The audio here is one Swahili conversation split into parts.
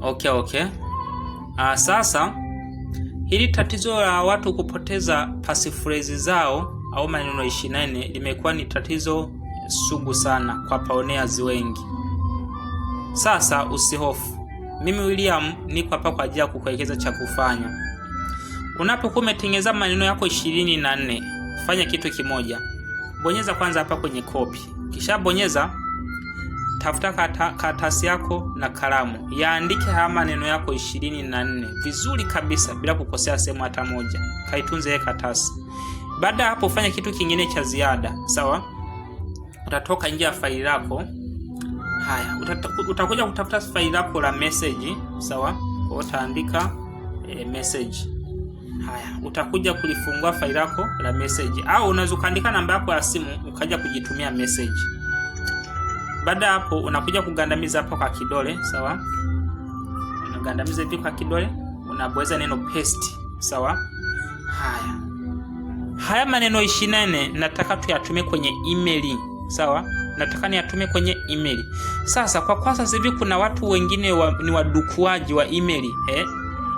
Okay, okay. Ah, sasa hili tatizo la watu kupoteza pasiphrase zao au maneno 24 limekuwa ni tatizo sugu sana kwa pioneers wengi. Sasa usihofu. Mimi William niko hapa kwa ajili ya kukuelekeza cha kufanya. Unapokuwa umetengeneza maneno yako 24, fanya kitu kimoja. Bonyeza kwanza hapa kwenye copy. Kisha bonyeza Tafuta karatasi yako na kalamu, yaandike haya maneno yako ishirini na nne vizuri kabisa bila kukosea sehemu hata moja. Kaitunze ile karatasi. Baada ya hapo, fanya kitu kingine cha ziada, sawa? Utatoka nje ya faili lako. Haya, utakuja kutafuta faili lako la message, sawa? Kwa utaandika e, message. Haya, utakuja kulifungua faili lako la message, au unaweza ukaandika namba yako ya simu ukaja kujitumia message. Baada ya hapo unakuja kugandamiza hapo kwa kidole, sawa? Unagandamiza hivi kwa kidole, unabweza neno paste, sawa? Haya. Haya maneno 28 nataka tuyatumie kwenye email, sawa? Nataka niyatume kwenye email. Sasa kwa kwa sasa hivi kuna watu wengine wa, ni wadukuaji wa email, eh?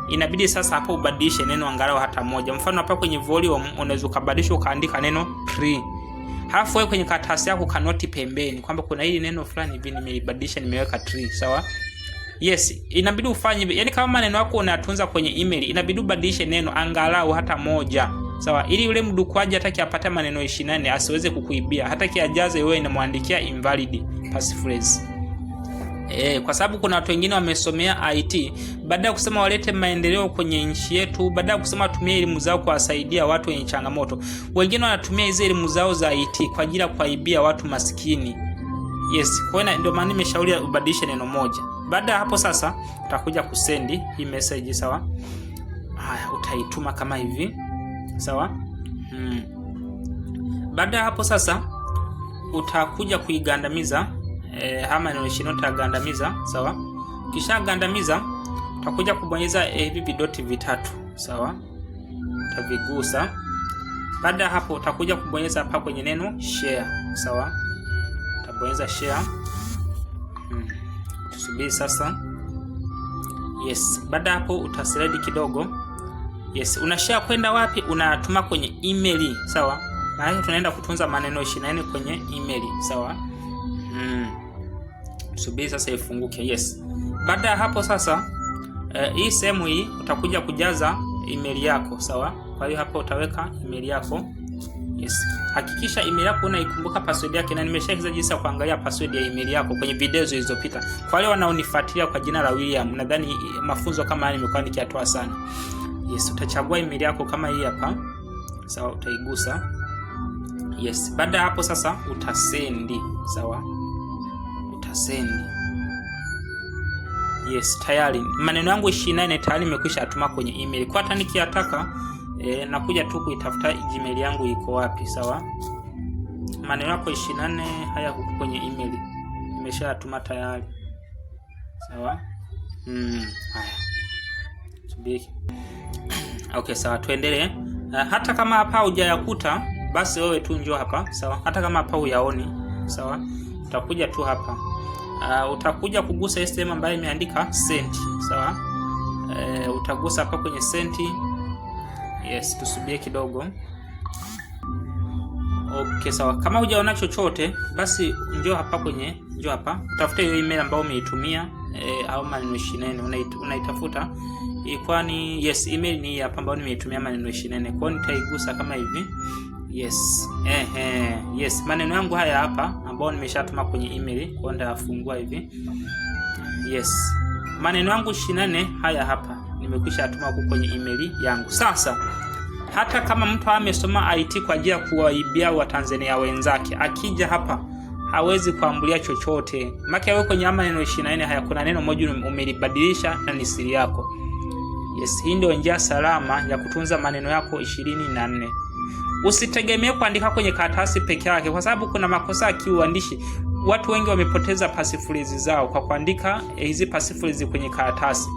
Inabidi sasa hapo ubadilishe neno angalau hata moja. Mfano hapa kwenye volume unaweza kubadilisha ukaandika neno pre Halafu wewe kwenye karatasi yako kanoti pembeni kwamba kuna hili neno fulani hivi nimeibadilisha nimeweka tree, sawa? Yes, inabidi ufanye hivi. Yaani kama maneno yako unayatunza kwenye email, inabidi ubadilishe neno angalau hata moja. Sawa, ili yule mdukwaji hata kiapate maneno 24 asiweze kukuibia, hata kiajaze wewe inamwandikia invalid phrase. E, kwa sababu kuna watu wengine wamesomea IT baada ya kusema walete maendeleo kwenye nchi yetu, baada ya kusema watumie elimu zao kuwasaidia watu wenye changamoto. Wengine wanatumia hizo elimu zao za IT kwa ajili ya kuwaibia watu maskini. Yes, kwa hiyo ndio maana nimeshauri ubadilishe neno moja. Baada ya hapo sasa utakuja kusendi hii message sawa? Haya, utaituma kama hivi. Sawa? Hmm. Baada ya hapo sasa utakuja kuigandamiza e, hama neno 20 utagandamiza, sawa. Kisha gandamiza utakuja kubonyeza eh, hivi vidoti vitatu, sawa, utavigusa. Baada hapo utakuja kubonyeza hapa kwenye neno share, sawa, utabonyeza share. Hmm. Tusubiri sasa. Yes, baada hapo utaslide kidogo. Yes, una share kwenda wapi? Unatuma kwenye email, sawa. Maana tunaenda kutunza maneno 24 kwenye email, sawa. Hmm tusubiri sasa ifunguke. Yes. Baada ya hapo sasa eh, hii sehemu hii utakuja kujaza email yako, sawa? Kwa hiyo hapo utaweka email yako. Yes. Hakikisha email yako unaikumbuka password yake na nimeshaeleza jinsi ya kuangalia password ya email yako kwenye video zilizopita. Kwa wale wanaonifuatilia kwa jina la William, nadhani mafunzo kama haya nimekuwa nikiatoa sana. Yes, utachagua email yako kama hii hapa. Sawa, utaigusa. Yes, baada ya hapo sasa utasendi, sawa? utasend. Yes, tayari maneno yangu 28 tayari nimekwisha atuma kwenye email. Kwa hata nikiyataka e, nakuja tu kuitafuta Gmail yangu iko wapi, sawa? Maneno yako 28 haya huko kwenye email. Nimeshatuma tayari. Sawa? Mm, haya. Subiri. Okay, sawa tuendelee. Uh, Hata kama hapa hujayakuta basi wewe tu njoo hapa, sawa? Hata kama hapa huyaoni, sawa? utakuja tu hapa uh, utakuja kugusa hii sehemu ambayo imeandika senti, sawa? Uh, utagusa hapa kwenye senti. Yes, tusubie kidogo. Okay, sawa. Kama hujaona chochote, basi njoo hapa kwenye, njoo hapa utafute hiyo email ambayo umeitumia e, au maneno 24 unaitafuta ilikuwa ni yes, email ni hapa ambayo nimeitumia maneno 24. Kwa hiyo nitaigusa kama hivi. Yes, ehe, yes, maneno yangu haya hapa ambao nimeshatuma kwenye email. Kwa nitafungua hivi. Yes. Maneno yangu 24 haya hapa. Nimekwisha tuma huko kwenye email yangu. Sasa hata kama mtu amesoma IT kwa ajili ya kuwaibia Watanzania wenzake, akija hapa hawezi kuambulia chochote. Maki wewe kwenye ama neno 24 haya kuna neno moja umelibadilisha na ni siri yako. Yes, hii ndio njia salama ya kutunza maneno yako 24. Usitegemee kuandika kwenye karatasi peke yake, kwa sababu kuna makosa ya kiuandishi. Watu wengi wamepoteza pasifurizi zao kwa kuandika eh, hizi pasifurizi kwenye karatasi.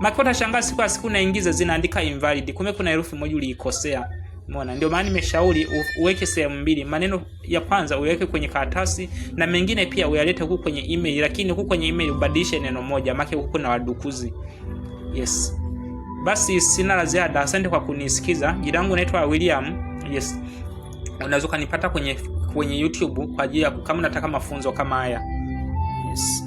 Maki utashangaa siku ya siku naingiza zinaandika invalid, kumbe kuna herufi moja uliikosea. Umeona, ndio maana nimeshauri uweke sehemu mbili. Maneno ya kwanza uweke kwenye karatasi na mengine pia uyalete huku kwenye email, lakini huku kwenye email ubadilishe neno moja, maana huku kuna wadukuzi. Yes. Basi sina la ziada. Asante kwa kunisikiza. Jina langu naitwa William yes, unaweza ukanipata kwenye, kwenye YouTube kwa ajili ya kama unataka mafunzo kama haya yes.